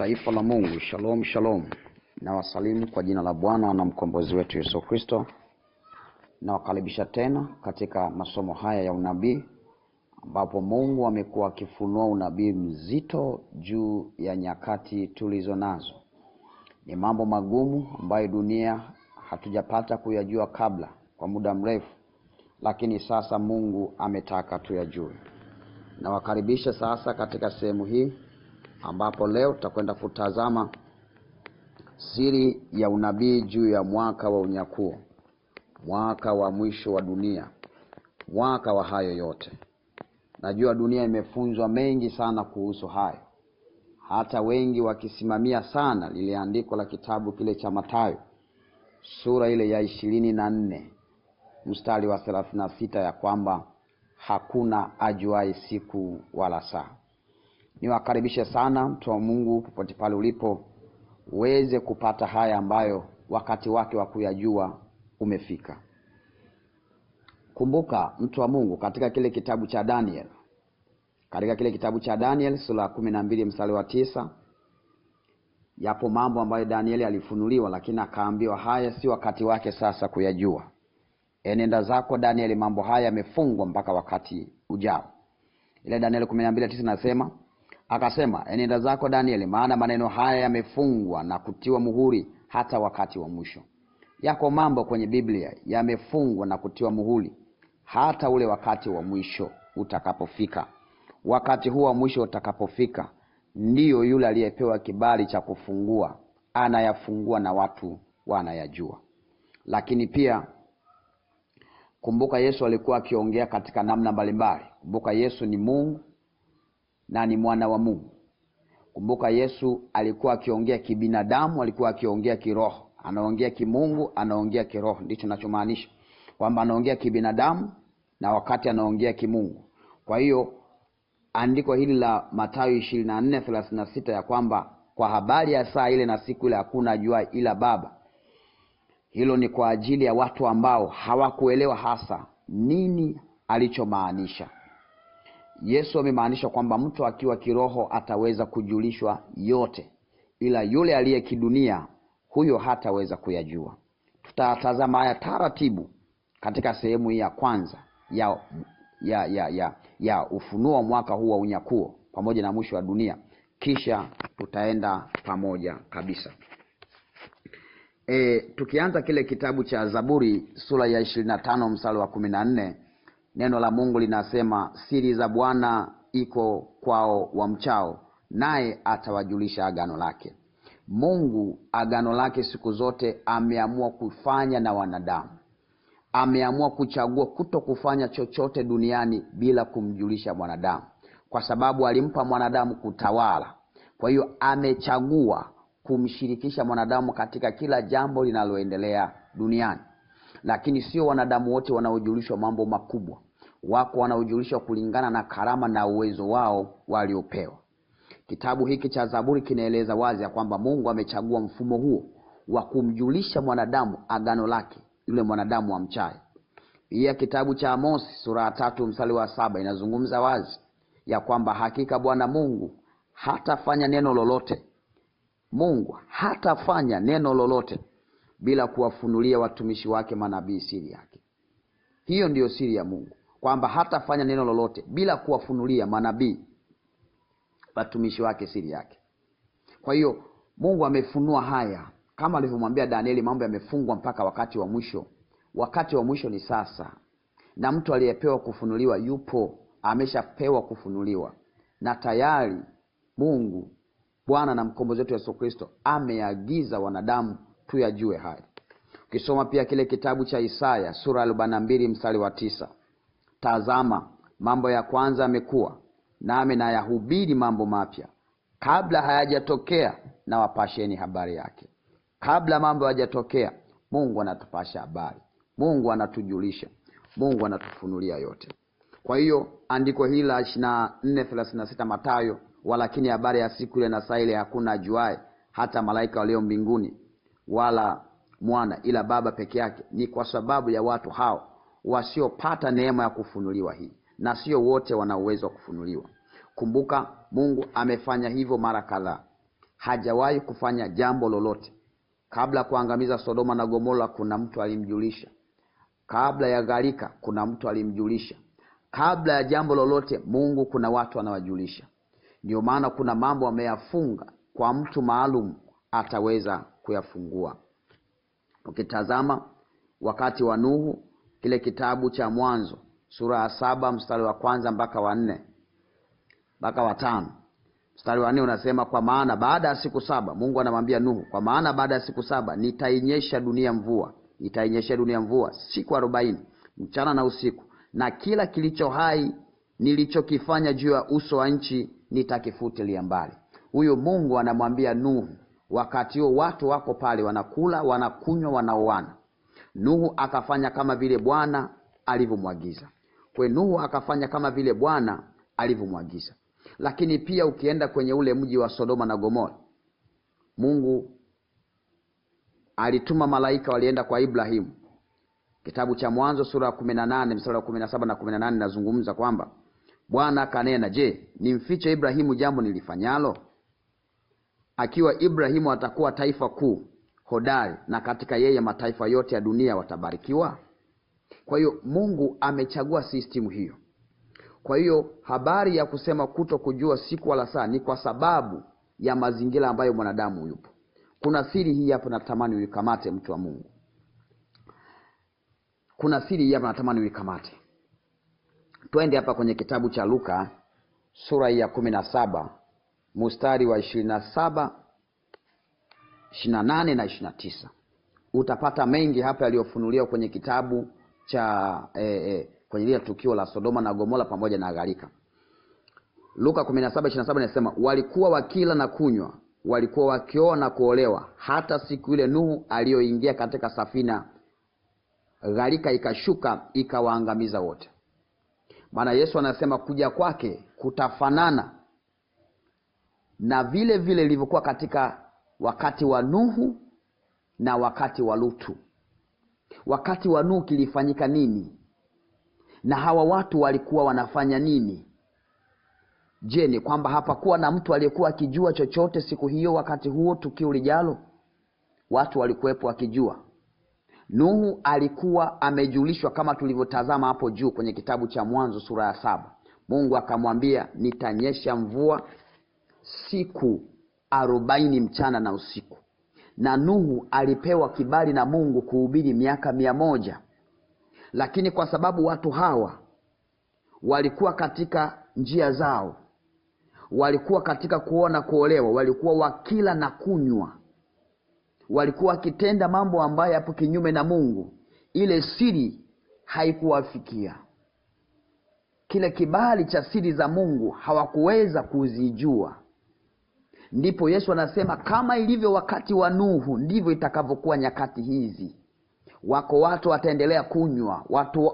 Taifa la Mungu, shalom shalom. Nawasalimu kwa jina la Bwana na mkombozi wetu Yesu Kristo. Nawakaribisha tena katika masomo haya ya unabii, ambapo Mungu amekuwa akifunua unabii mzito juu ya nyakati tulizo nazo. Ni mambo magumu ambayo dunia hatujapata kuyajua kabla kwa muda mrefu, lakini sasa Mungu ametaka tuyajue. Nawakaribisha sasa katika sehemu hii ambapo leo tutakwenda kutazama siri ya unabii juu ya mwaka wa unyakuo, mwaka wa mwisho wa dunia, mwaka wa hayo yote. Najua dunia imefunzwa mengi sana kuhusu hayo, hata wengi wakisimamia sana lile andiko la kitabu kile cha matayo sura ile ya ishirini na nne mstari wa thelathini na sita ya kwamba hakuna ajuai siku wala saa niwakaribishe sana mtu wa Mungu popote pale ulipo uweze kupata haya ambayo wakati wake wa kuyajua umefika. Kumbuka mtu wa Mungu, katika kile kitabu cha Daniel, katika kile kitabu cha Daniel sura ya kumi na mbili mstari wa tisa yapo mambo ambayo Danieli alifunuliwa, lakini akaambiwa haya si wakati wake sasa kuyajua. Enenda zako Danieli, mambo haya yamefungwa mpaka wakati ujao. Ile Danieli kumi na mbili tisa nasema Akasema, enenda zako Danieli, maana maneno haya yamefungwa na kutiwa muhuri hata wakati wa mwisho. Yako mambo kwenye Biblia yamefungwa na kutiwa muhuri hata ule wakati wa mwisho utakapofika. Wakati huu wa mwisho utakapofika, ndiyo yule aliyepewa kibali cha kufungua anayafungua na watu wanayajua. Lakini pia kumbuka, Yesu alikuwa akiongea katika namna mbalimbali. Kumbuka Yesu ni Mungu na ni mwana wa Mungu. Kumbuka Yesu alikuwa akiongea kibinadamu, alikuwa akiongea kiroho, anaongea kimungu, anaongea kiroho. Ndicho nachomaanisha kwamba anaongea kibinadamu na wakati anaongea kimungu. Kwa hiyo andiko hili la Mathayo ishirini na nne thelathini na sita ya kwamba kwa habari ya saa ile na siku ile hakuna jua ila Baba, hilo ni kwa ajili ya watu ambao hawakuelewa hasa nini alichomaanisha. Yesu amemaanisha kwamba mtu akiwa kiroho ataweza kujulishwa yote, ila yule aliye kidunia huyo hataweza kuyajua. Tutatazama haya taratibu katika sehemu hii ya kwanza ya, ya, ya, ya, ya ufunuo mwaka huu wa unyakuo pamoja na mwisho wa dunia, kisha tutaenda pamoja kabisa. E, tukianza kile kitabu cha Zaburi sura ya ishirini na tano msalo wa kumi na nne Neno la Mungu linasema siri za Bwana iko kwao wa mchao naye atawajulisha agano lake. Mungu agano lake siku zote ameamua kufanya na wanadamu, ameamua kuchagua kuto kufanya chochote duniani bila kumjulisha mwanadamu, kwa sababu alimpa mwanadamu kutawala. Kwa hiyo amechagua kumshirikisha mwanadamu katika kila jambo linaloendelea duniani lakini sio wanadamu wote wanaojulishwa mambo makubwa. Wako wanaojulishwa kulingana na karama na uwezo wao waliopewa. Kitabu hiki cha Zaburi kinaeleza wazi ya kwamba Mungu amechagua mfumo huo wa kumjulisha mwanadamu agano lake, yule mwanadamu amchaye. Pia kitabu cha Amosi sura ya tatu msali wa saba inazungumza wazi ya kwamba hakika Bwana Mungu hatafanya neno lolote, Mungu hatafanya neno lolote bila kuwafunulia watumishi wake manabii siri yake. Hiyo ndiyo siri ya Mungu, kwamba hatafanya neno lolote bila kuwafunulia manabii watumishi wake siri yake. Kwa hiyo Mungu amefunua haya kama alivyomwambia Danieli, mambo yamefungwa mpaka wakati wa mwisho. Wakati wa mwisho ni sasa, na mtu aliyepewa kufunuliwa yupo, ameshapewa kufunuliwa na tayari. Mungu Bwana na mkombozi wetu Yesu Kristo ameagiza wanadamu tuyajue haya ukisoma pia kile kitabu cha isaya sura arobaini na mbili mstari wa tisa tazama mambo ya kwanza yamekuwa nami nayahubiri mambo mapya kabla hayajatokea na wapasheni habari yake kabla mambo hayajatokea mungu anatupasha habari mungu anatujulisha mungu anatufunulia yote kwa hiyo andiko hili la ishirina nne thelathini sita matayo walakini habari ya siku ile na saa ile hakuna ajuae hata malaika walio mbinguni wala mwana ila Baba peke yake, ni kwa sababu ya watu hao wasiopata neema ya kufunuliwa hii, na sio wote wana uwezo wa kufunuliwa. Kumbuka, Mungu amefanya hivyo mara kadhaa. Hajawahi kufanya jambo lolote kabla ya kuangamiza Sodoma na Gomora. Kuna mtu alimjulisha kabla ya gharika, kuna mtu alimjulisha kabla ya jambo lolote. Mungu kuna watu anawajulisha. Ndio maana kuna mambo ameyafunga kwa mtu maalum ataweza kuyafungua. Ukitazama wakati wa Nuhu, kile kitabu cha Mwanzo sura ya saba mstari wa kwanza mpaka wa nne mpaka watano mstari wa nne unasema, kwa maana baada ya siku saba, Mungu anamwambia Nuhu, kwa maana baada ya siku saba nitainyesha dunia mvua, nitainyesha dunia mvua siku arobaini mchana na usiku, na kila kilicho hai nilichokifanya juu ya uso wa nchi nitakifutilia mbali. Huyu Mungu anamwambia Nuhu Wakati huo watu wako pale wanakula, wanakunywa, wanaoana. Nuhu akafanya kama vile Bwana alivyomwagiza. kwe Nuhu akafanya kama vile Bwana alivyomwagiza. Lakini pia ukienda kwenye ule mji wa Sodoma na Gomora, Mungu alituma malaika, walienda kwa Ibrahimu. Kitabu cha Mwanzo sura ya kumi na nane msara wa kumi na saba na kumi na nane nazungumza kwamba Bwana akanena, Je, nimfiche Ibrahimu jambo nilifanyalo? akiwa Ibrahimu atakuwa taifa kuu hodari, na katika yeye mataifa yote ya dunia watabarikiwa. Kwa hiyo Mungu amechagua sistimu hiyo. Kwa hiyo habari ya kusema kuto kujua siku wala saa ni kwa sababu ya mazingira ambayo mwanadamu yupo. Kuna siri hii hapa, natamani uikamate, mtu wa Mungu. Kuna siri hii hapa, natamani uikamate. Twende hapa kwenye kitabu cha Luka sura ya kumi na saba mustari wa ishirini na saba ishirini na nane na ishirini na tisa utapata mengi hapa yaliyofunuliwa kwenye kitabu cha e, e, kwenye lile tukio la Sodoma na Gomora pamoja na gharika. Luka 17:27 inasema walikuwa wakila na kunywa, walikuwa wakioa na kuolewa, hata siku ile Nuhu aliyoingia katika safina, gharika ikashuka ikawaangamiza wote. Maana Yesu anasema kuja kwake kutafanana na vile vile ilivyokuwa katika wakati wa Nuhu na wakati wa Lutu. Wakati wa Nuhu kilifanyika nini, na hawa watu walikuwa wanafanya nini? Je, ni kwamba hapakuwa na mtu aliyekuwa akijua chochote siku hiyo? Wakati huo tukio lijalo, watu walikuwepo wakijua. Nuhu alikuwa amejulishwa kama tulivyotazama hapo juu kwenye kitabu cha Mwanzo sura ya saba. Mungu akamwambia, nitanyesha mvua siku arobaini mchana na usiku na Nuhu alipewa kibali na Mungu kuhubiri miaka mia moja lakini kwa sababu watu hawa walikuwa katika njia zao, walikuwa katika kuona kuolewa, walikuwa wakila na kunywa, walikuwa wakitenda mambo ambayo yapo kinyume na Mungu, ile siri haikuwafikia. Kile kibali cha siri za Mungu hawakuweza kuzijua ndipo Yesu anasema kama ilivyo wakati wa Nuhu ndivyo itakavyokuwa nyakati hizi. Wako watu wataendelea kunywa, watu,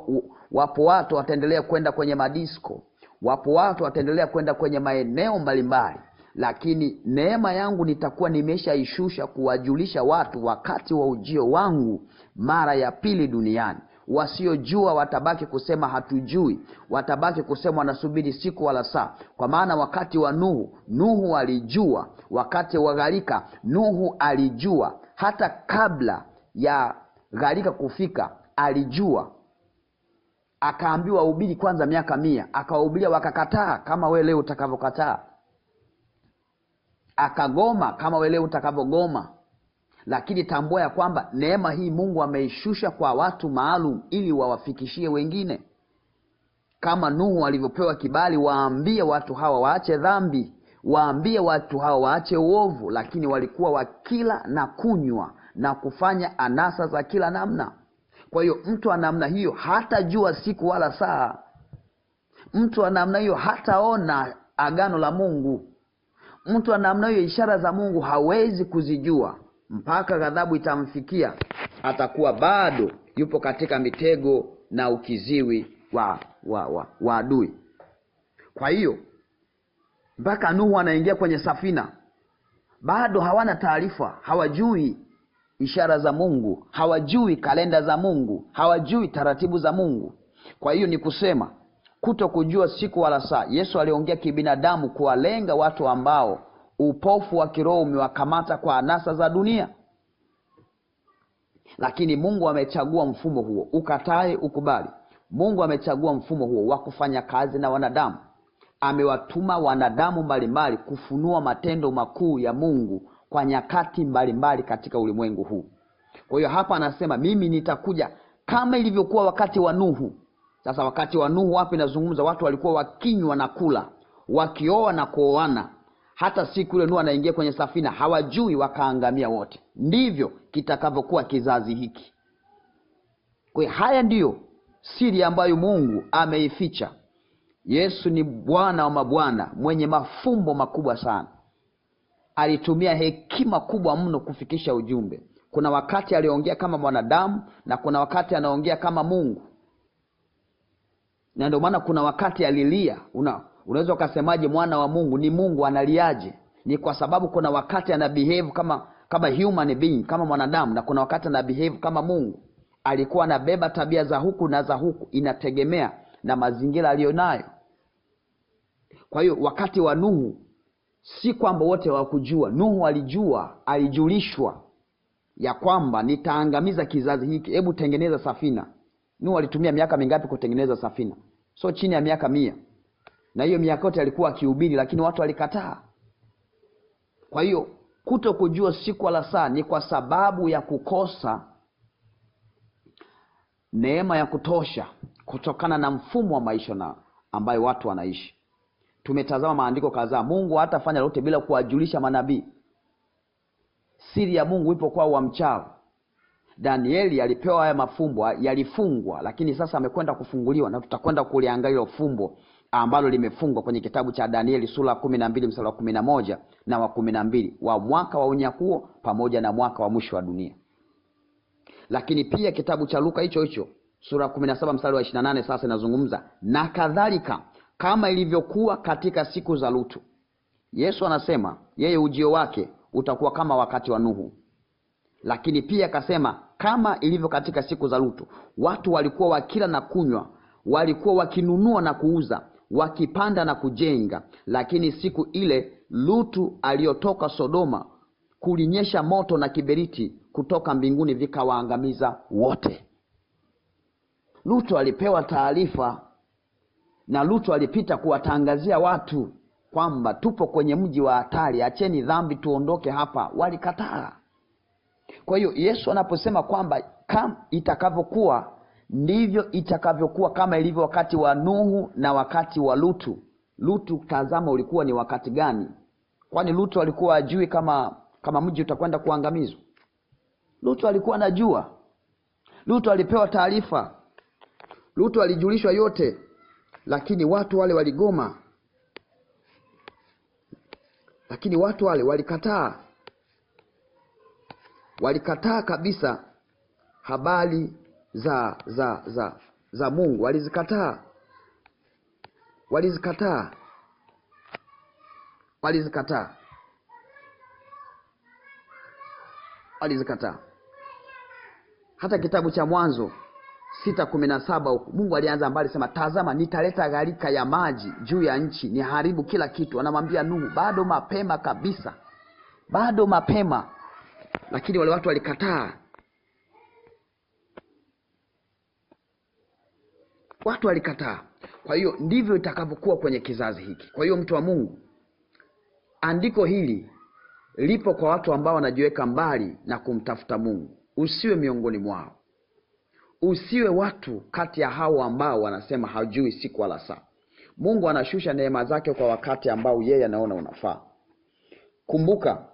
wapo watu wataendelea kwenda kwenye madisko, wapo watu wataendelea kwenda kwenye maeneo mbalimbali, lakini neema yangu nitakuwa nimeshaishusha kuwajulisha watu wakati wa ujio wangu mara ya pili duniani. Wasiojua watabaki kusema hatujui, watabaki kusema wanasubiri siku wala saa. Kwa maana wakati wa Nuhu, Nuhu alijua. Wakati wa gharika, Nuhu alijua. Hata kabla ya gharika kufika, alijua akaambiwa ubiri kwanza miaka mia, akawahubiria wakakataa, kama we leo utakavyokataa, akagoma kama we leo utakavyogoma lakini tambua ya kwamba neema hii mungu ameishusha kwa watu maalum ili wawafikishie wengine kama nuhu alivyopewa kibali waambie watu hawa waache dhambi waambie watu hawa waache uovu lakini walikuwa wakila na kunywa na kufanya anasa za kila namna kwa hiyo mtu wa namna hiyo hatajua siku wala saa mtu wa namna hiyo hataona agano la mungu mtu wa namna hiyo ishara za mungu hawezi kuzijua mpaka ghadhabu itamfikia atakuwa bado yupo katika mitego na ukiziwi wa wa wa, wa adui kwa hiyo mpaka nuhu anaingia kwenye safina bado hawana taarifa hawajui ishara za mungu hawajui kalenda za mungu hawajui taratibu za mungu kwa hiyo ni kusema kuto kujua siku wala saa yesu aliongea kibinadamu kuwalenga watu ambao Upofu wa kiroho umewakamata kwa anasa za dunia, lakini Mungu amechagua mfumo huo, ukatae ukubali. Mungu amechagua mfumo huo wa kufanya kazi na wanadamu. Amewatuma wanadamu mbalimbali kufunua matendo makuu ya Mungu kwa nyakati mbalimbali katika ulimwengu huu. Kwa hiyo hapa anasema mimi nitakuja kama ilivyokuwa wakati wa Nuhu. Sasa wakati wa Nuhu hapa inazungumza watu walikuwa wakinywa na kula, wakioa na kuoana, hata siku ile Nuhu anaingia kwenye safina, hawajui wakaangamia wote. Ndivyo kitakavyokuwa kizazi hiki. Kwa haya ndiyo siri ambayo Mungu ameificha. Yesu ni Bwana wa mabwana mwenye mafumbo makubwa sana. Alitumia hekima kubwa mno kufikisha ujumbe. Kuna wakati aliongea kama mwanadamu na kuna wakati anaongea kama Mungu, na ndio maana kuna wakati alilia una unaweza ukasemaje mwana wa mungu ni mungu analiaje ni kwa sababu kuna wakati ana behave kama kama human being kama mwanadamu na kuna wakati ana behave kama mungu alikuwa anabeba tabia za huku na za huku inategemea na mazingira aliyonayo kwa hiyo wakati wa nuhu si kwamba wote wakujua nuhu alijua alijulishwa ya kwamba nitaangamiza kizazi hiki hebu tengeneza safina nuhu alitumia miaka mingapi kutengeneza safina so chini ya miaka mia na hiyo miaka yote alikuwa akihubiri lakini watu walikataa kwa hiyo kuto kujua siku wala saa ni kwa sababu ya kukosa neema ya kutosha kutokana na mfumo wa maisha na ambayo watu wanaishi tumetazama maandiko kadhaa mungu hatafanya lolote bila kuwajulisha manabii siri ya mungu ipo kwa wamchao danieli alipewa haya mafumbo yalifungwa lakini sasa amekwenda kufunguliwa na tutakwenda kuliangalia ufumbo ambalo limefungwa kwenye kitabu cha Danieli sura ya kumi na mbili mstari wa kumi na moja na wa kumi na mbili wa mwaka wa unyakuo pamoja na mwaka wa mwisho wa dunia. Lakini pia kitabu cha Luka hicho hicho sura ya kumi na saba mstari wa ishirini nane sasa inazungumza na kadhalika, kama ilivyokuwa katika siku za Lutu. Yesu anasema yeye ujio wake utakuwa kama wakati wa Nuhu, lakini pia akasema kama ilivyo katika siku za Lutu, watu walikuwa wakila na kunywa, walikuwa wakinunua na kuuza, wakipanda na kujenga. Lakini siku ile Lutu aliyotoka Sodoma, kulinyesha moto na kiberiti kutoka mbinguni vikawaangamiza wote. Lutu alipewa taarifa na Lutu alipita kuwatangazia watu kwamba tupo kwenye mji wa hatari, acheni dhambi, tuondoke hapa. Walikataa. Kwa hiyo Yesu anaposema kwamba kam itakavyokuwa ndivyo itakavyokuwa kama ilivyo wakati wa nuhu na wakati wa lutu lutu tazama ulikuwa ni wakati gani kwani lutu alikuwa ajui kama kama mji utakwenda kuangamizwa lutu alikuwa anajua lutu alipewa taarifa lutu alijulishwa yote lakini watu wale waligoma lakini watu wale walikataa walikataa kabisa habari za za za za Mungu walizikataa, walizikataa, walizikataa, walizikataa. Hata kitabu cha Mwanzo sita kumi na saba huku Mungu alianza mbali, sema tazama, nitaleta gharika ya maji juu ya nchi, niharibu kila kitu. Anamwambia Nuhu, bado mapema kabisa, bado mapema, lakini wale watu walikataa. watu walikataa kwa hiyo ndivyo itakavyokuwa kwenye kizazi hiki kwa hiyo mtu wa mungu andiko hili lipo kwa watu ambao wanajiweka mbali na kumtafuta mungu usiwe miongoni mwao usiwe watu kati ya hao ambao wanasema hajui siku wala saa mungu anashusha neema zake kwa wakati ambao yeye anaona unafaa kumbuka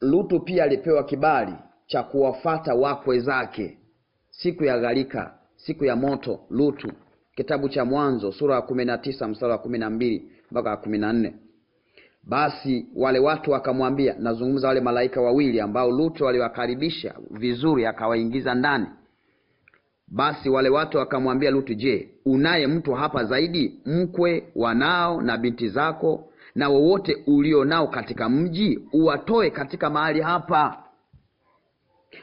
lutu pia alipewa kibali cha kuwafata wakwe zake siku ya gharika siku ya moto Lutu, kitabu cha Mwanzo sura ya kumi na tisa mstari wa kumi na mbili mpaka kumi na nne. Basi wale watu wakamwambia, nazungumza wale malaika wawili ambao Lutu aliwakaribisha vizuri, akawaingiza ndani. Basi wale watu wakamwambia Lutu, je, unaye mtu hapa zaidi, mkwe, wanao na binti zako na wowote ulio nao katika mji, uwatoe katika mahali hapa,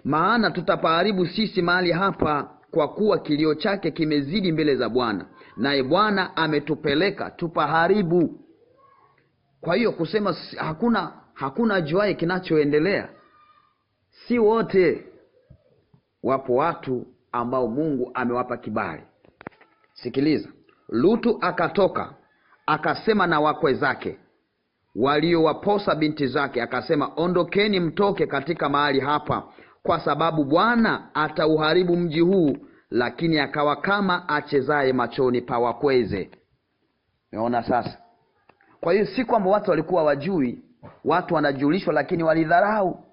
maana tutapaharibu sisi mahali hapa kwa kuwa kilio chake kimezidi mbele za Bwana, naye Bwana ametupeleka tupaharibu. Kwa hiyo kusema hakuna hakuna juaye kinachoendelea, si wote. Wapo watu ambao Mungu amewapa kibali. Sikiliza, Lutu akatoka akasema na wakwe zake waliowaposa binti zake, akasema ondokeni, mtoke katika mahali hapa, kwa sababu Bwana atauharibu mji huu, lakini akawa kama achezaye machoni pa wakweze. Umeona sasa? Kwa hiyo si kwamba watu walikuwa wajui, watu wanajulishwa, lakini walidharau.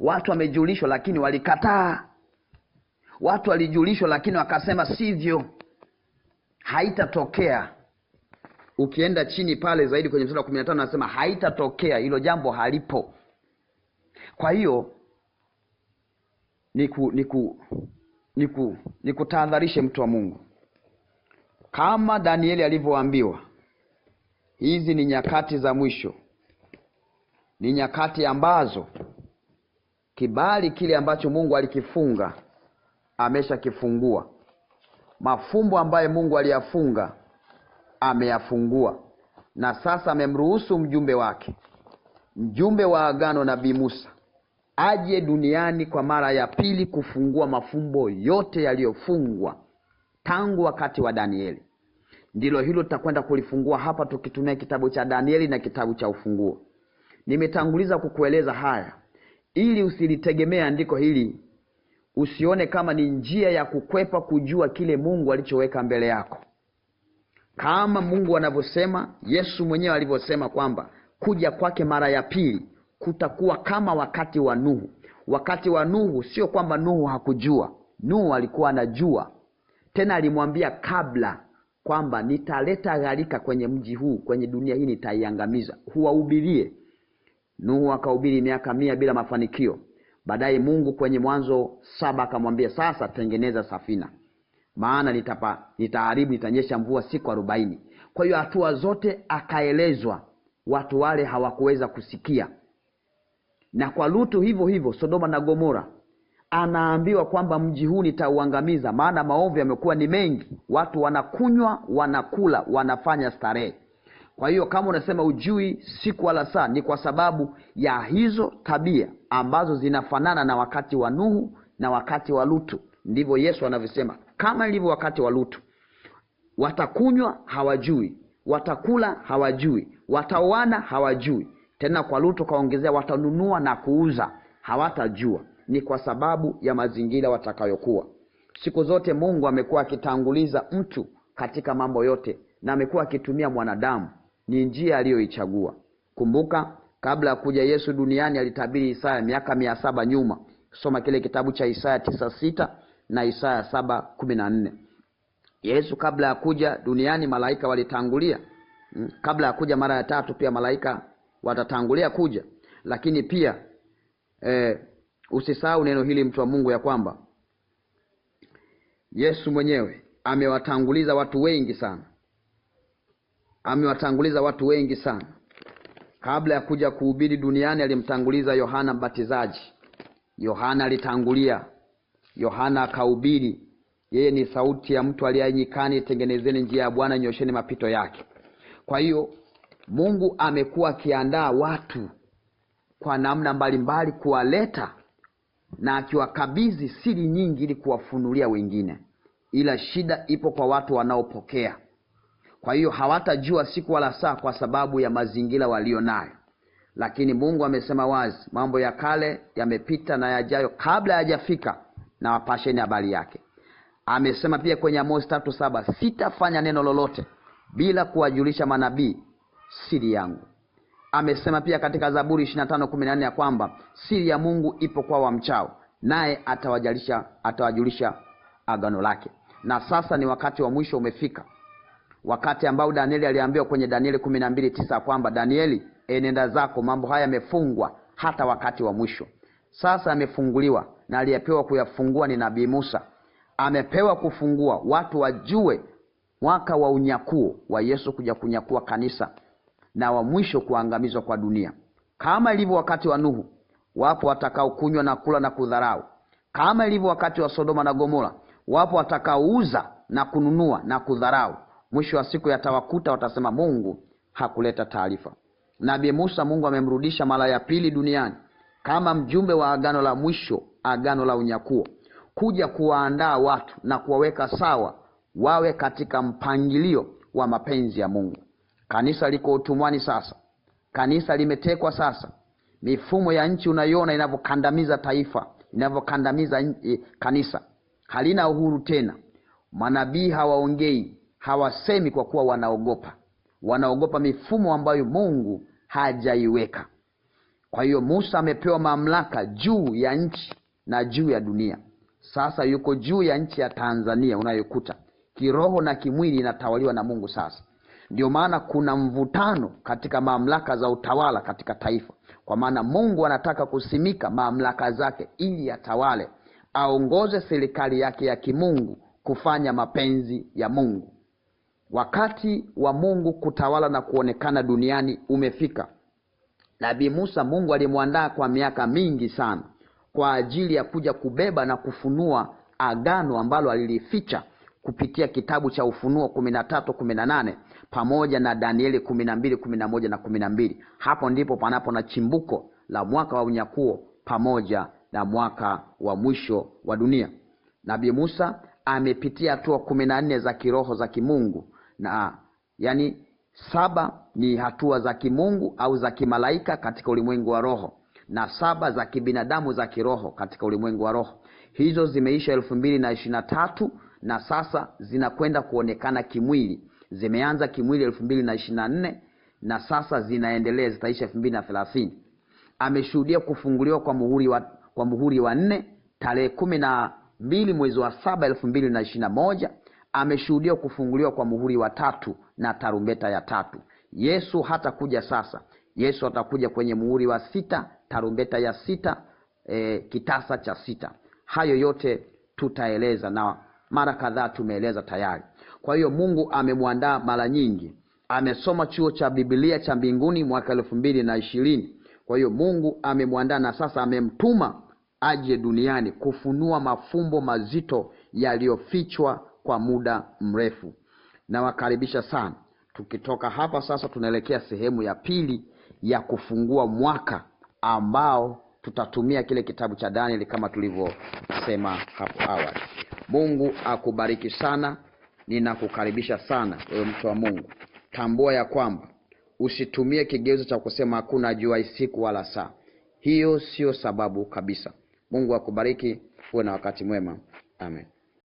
Watu wamejulishwa, lakini walikataa. Watu walijulishwa, lakini wakasema sivyo, haitatokea. Ukienda chini pale zaidi kwenye mstari wa kumi na tano anasema haitatokea, hilo jambo halipo. Kwa hiyo ku, ni ku, ni mtu wa Mungu, kama Danieli alivyoambiwa, hizi ni nyakati za mwisho, ni nyakati ambazo kibali kile ambacho Mungu alikifunga ameshakifungua, mafumbo ambayo Mungu aliyafunga ameyafungua, na sasa amemruhusu mjumbe wake, mjumbe wa agano, Nabii Musa aje duniani kwa mara ya pili kufungua mafumbo yote yaliyofungwa tangu wakati wa Danieli. Ndilo hilo tutakwenda kulifungua hapa tukitumia kitabu cha Danieli na kitabu cha Ufunguo. Nimetanguliza kukueleza haya ili usilitegemea andiko hili, usione kama ni njia ya kukwepa kujua kile Mungu alichoweka mbele yako, kama Mungu anavyosema, Yesu mwenyewe alivyosema kwamba kuja kwake mara ya pili kutakuwa kama wakati wa Nuhu. Wakati wa Nuhu sio kwamba Nuhu hakujua, Nuhu alikuwa anajua, tena alimwambia kabla kwamba nitaleta gharika kwenye mji huu, kwenye dunia hii nitaiangamiza, huwahubirie. Nuhu akahubiri miaka mia bila mafanikio. Baadaye Mungu kwenye Mwanzo saba akamwambia sasa, tengeneza safina, maana nitapa nitaharibu, nitanyesha mvua siku arobaini. Kwa hiyo hatua zote akaelezwa, watu wale hawakuweza kusikia na kwa Lutu hivyo hivyo, Sodoma na Gomora, anaambiwa kwamba mji huu nitauangamiza, maana maovu yamekuwa ni mengi, watu wanakunywa, wanakula, wanafanya starehe. Kwa hiyo kama unasema ujui siku wala saa, ni kwa sababu ya hizo tabia ambazo zinafanana na wakati wa Nuhu na wakati wa Lutu. Ndivyo Yesu anavyosema, kama ilivyo wakati wa Lutu, watakunywa hawajui, watakula hawajui, wataoana hawajui tena kwa Lutu kaongezea, watanunua na kuuza, hawatajua ni kwa sababu ya mazingira watakayokuwa. Siku zote Mungu amekuwa akitanguliza mtu katika mambo yote, na amekuwa akitumia mwanadamu, ni njia aliyoichagua. Kumbuka, kabla ya kuja Yesu duniani alitabiri Isaya miaka mia saba nyuma. Soma kile kitabu cha Isaya tisa sita na Isaya saba kumi na nne. Yesu kabla ya kuja duniani malaika walitangulia. Hmm, kabla ya kuja mara ya tatu pia malaika watatangulia kuja lakini pia e, usisahau neno hili mtu wa mungu ya kwamba yesu mwenyewe amewatanguliza watu wengi sana amewatanguliza watu wengi sana kabla ya kuja kuhubiri duniani alimtanguliza yohana mbatizaji yohana alitangulia yohana akahubiri yeye ni sauti ya mtu aliyenyikani itengenezeni njia ya bwana nyosheni mapito yake kwa hiyo mungu amekuwa akiandaa watu kwa namna mbalimbali kuwaleta na akiwakabidhi siri nyingi ili kuwafunulia wengine ila shida ipo kwa watu wanaopokea kwa hiyo hawatajua siku wala saa kwa sababu ya mazingira walio nayo lakini mungu amesema wazi mambo ya kale yamepita na yajayo kabla yajafika na wapasheni habari yake amesema pia kwenye amosi tatu saba sitafanya neno lolote bila kuwajulisha manabii siri yangu. Amesema pia katika Zaburi 25:14 ya kwamba siri ya Mungu ipo kwa wamchao, naye atawajalisha atawajulisha agano lake. Na sasa ni wakati wa mwisho umefika, wakati ambao Danieli aliambiwa kwenye Danieli 12:9 kwamba Danieli, enenda zako, mambo haya yamefungwa hata wakati wa mwisho. Sasa amefunguliwa na aliyepewa kuyafungua ni Nabii Musa. Amepewa kufungua watu wajue mwaka wa unyakuo wa Yesu kuja kunyakua kanisa na wa mwisho kuangamizwa kwa dunia. Kama ilivyo wakati wa Nuhu, wapo watakaokunywa na kula na kudharau. Kama ilivyo wakati wa Sodoma na Gomora, wapo watakaouza na kununua na kudharau. Mwisho wa siku yatawakuta, watasema Mungu hakuleta taarifa. Nabii Musa, Mungu amemrudisha mara ya pili duniani kama mjumbe wa agano la mwisho, agano la unyakuo, kuja kuwaandaa watu na kuwaweka sawa wawe katika mpangilio wa mapenzi ya Mungu. Kanisa liko utumwani sasa, kanisa limetekwa sasa. Mifumo ya nchi unaiona inavyokandamiza taifa, inavyokandamiza eh, kanisa, halina uhuru tena. Manabii hawaongei, hawasemi kwa kuwa wanaogopa, wanaogopa mifumo ambayo Mungu hajaiweka. Kwa hiyo Musa amepewa mamlaka juu ya nchi na juu ya dunia. Sasa yuko juu ya nchi ya Tanzania unayokuta kiroho na kimwili inatawaliwa na Mungu sasa ndio maana kuna mvutano katika mamlaka za utawala katika taifa kwa maana mungu anataka kusimika mamlaka zake ili yatawale aongoze serikali yake ya kimungu kufanya mapenzi ya mungu wakati wa mungu kutawala na kuonekana duniani umefika nabii musa mungu alimwandaa kwa miaka mingi sana kwa ajili ya kuja kubeba na kufunua agano ambalo alilificha kupitia kitabu cha ufunuo 13 18 pamoja na Danieli kumi na mbili kumi na moja na kumi na mbili. Hapo ndipo panapo na chimbuko la mwaka wa unyakuo pamoja na mwaka wa mwisho wa dunia. Nabii Musa amepitia hatua kumi na nne za kiroho za kimungu na yani saba ni hatua za kimungu au za kimalaika katika ulimwengu wa roho na saba za kibinadamu za kiroho katika ulimwengu wa roho. Hizo zimeisha elfu mbili na ishirini na tatu na sasa zinakwenda kuonekana kimwili zimeanza kimwili elfu mbili na ishirini na nne na sasa zinaendelea zitaisha elfu mbili na thelathini ameshuhudia kufunguliwa kwa muhuri wa kwa muhuri wa nne tarehe kumi na mbili mwezi wa saba elfu mbili na ishirini na moja ameshuhudia kufunguliwa kwa muhuri wa tatu na tarumbeta ya tatu yesu hatakuja sasa yesu atakuja kwenye muhuri wa sita tarumbeta ya sita e, kitasa cha sita hayo yote tutaeleza na mara kadhaa tumeeleza tayari kwa hiyo Mungu amemwandaa mara nyingi, amesoma chuo cha Biblia cha mbinguni mwaka elfu mbili na ishirini. Kwa hiyo Mungu amemwandaa na sasa amemtuma aje duniani kufunua mafumbo mazito yaliyofichwa kwa muda mrefu. Nawakaribisha sana. Tukitoka hapa sasa, tunaelekea sehemu ya pili ya kufungua mwaka ambao tutatumia kile kitabu cha Danieli kama tulivyosema hapo awali. Mungu akubariki sana ninakukaribisha sana wewe mtu wa mungu tambua ya kwamba usitumie kigezo cha kusema hakuna jua siku wala saa hiyo sio sababu kabisa mungu akubariki huwe na wakati mwema amen